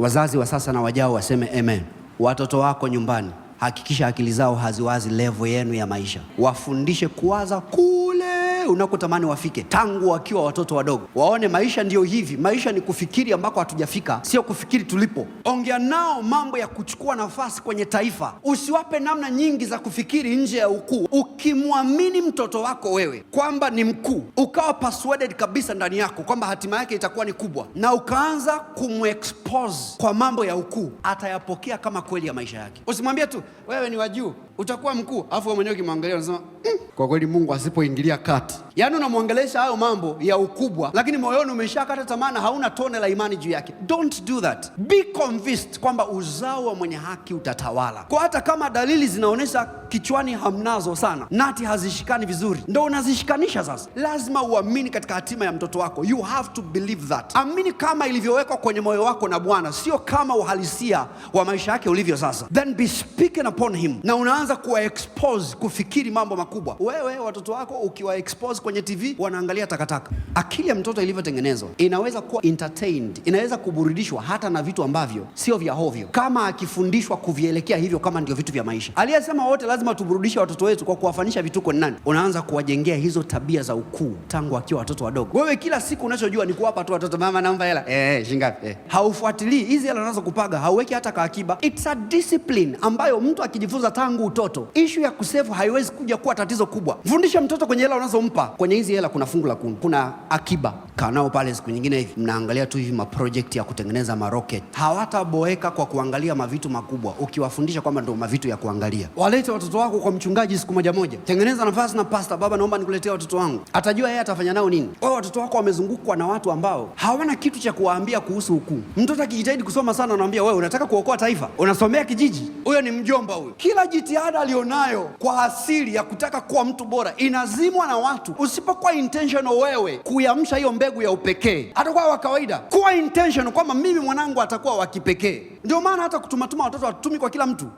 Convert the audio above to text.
Wazazi wa sasa na wajao waseme amen. Watoto wako nyumbani, hakikisha akili zao haziwazi levo yenu ya maisha, wafundishe kuwaza kuu unakotamani wafike tangu wakiwa watoto wadogo, waone maisha ndiyo hivi. Maisha ni kufikiri ambako hatujafika, sio kufikiri tulipo. Ongea nao mambo ya kuchukua nafasi kwenye taifa, usiwape namna nyingi za kufikiri nje ya ukuu. Ukimwamini mtoto wako wewe kwamba ni mkuu, ukawa persuaded kabisa ndani yako kwamba hatima yake itakuwa ni kubwa, na ukaanza kumexpose kwa mambo ya ukuu, atayapokea kama kweli ya maisha yake. Usimwambie tu wewe ni wa juu, utakuwa mkuu, alafu wewe mwenyewe ukimwangalia unasema mm, kwa kweli Mungu asipoingilia kati wakati. Yaani unamwongelesha hayo mambo ya ukubwa, lakini moyoni umeshakata tamaa na hauna tone la imani juu yake. Don't do that, be convinced kwamba uzao wa mwenye haki utatawala. Kwa hata kama dalili zinaonyesha kichwani hamnazo sana, nati hazishikani vizuri, ndo unazishikanisha sasa. Lazima uamini katika hatima ya mtoto wako, you have to believe that. Amini kama ilivyowekwa kwenye moyo wako na Bwana, sio kama uhalisia wa maisha yake ulivyo sasa. Then be speaking upon him, na unaanza kuwa expose kufikiri mambo makubwa. Wewe watoto wako ukiwa expose expose kwenye TV, wanaangalia takataka. Akili ya mtoto ilivyotengenezwa inaweza kuwa entertained, inaweza kuburudishwa hata na vitu ambavyo sio vya hovyo, kama akifundishwa kuvielekea hivyo kama ndio vitu vya maisha. Aliyesema wote lazima tuburudishe watoto wetu kwa kuwafanisha vituko ni nani? Unaanza kuwajengea hizo tabia za ukuu tangu akiwa watoto wadogo. Wewe kila siku unachojua ni kuwapa tu watoto, mama naomba hela eh, eh shingapi eh. Haufuatilii hizi hela unazo kupaga, hauweki hata kaakiba. It's a discipline ambayo mtu akijifunza tangu utoto, ishu ya kusevu haiwezi kuja kuwa tatizo kubwa. Mfundishe mtoto kwenye hela unazo kumpa kwenye hizi hela, kuna fungu la kuni, kuna akiba kanao pale. Siku nyingine hivi mnaangalia tu hivi maprojekti ya kutengeneza maroket, hawataboeka kwa kuangalia mavitu makubwa. Ukiwafundisha kwamba ndio mavitu ya kuangalia, walete watoto wako kwa mchungaji siku moja moja, tengeneza nafasi na pasta, baba, naomba nikuletea watoto wangu, atajua yeye atafanya nao nini. Wao watoto wako wamezungukwa na watu ambao hawana kitu cha kuwaambia kuhusu ukuu. Mtoto akijitahidi kusoma sana, anaambia wewe unataka kuokoa taifa, unasomea kijiji. Huyo ni mjomba huyo. Kila jitihada alionayo kwa asili ya kutaka kuwa mtu bora inazimwa na watu watu, usipokuwa intentional wewe kuiamsha hiyo mbegu ya upekee, atakuwa wa kawaida. Kuwa intentional kwamba mimi mwanangu atakuwa wa kipekee. Ndio maana hata kutumatuma watoto watumi kwa kila mtu.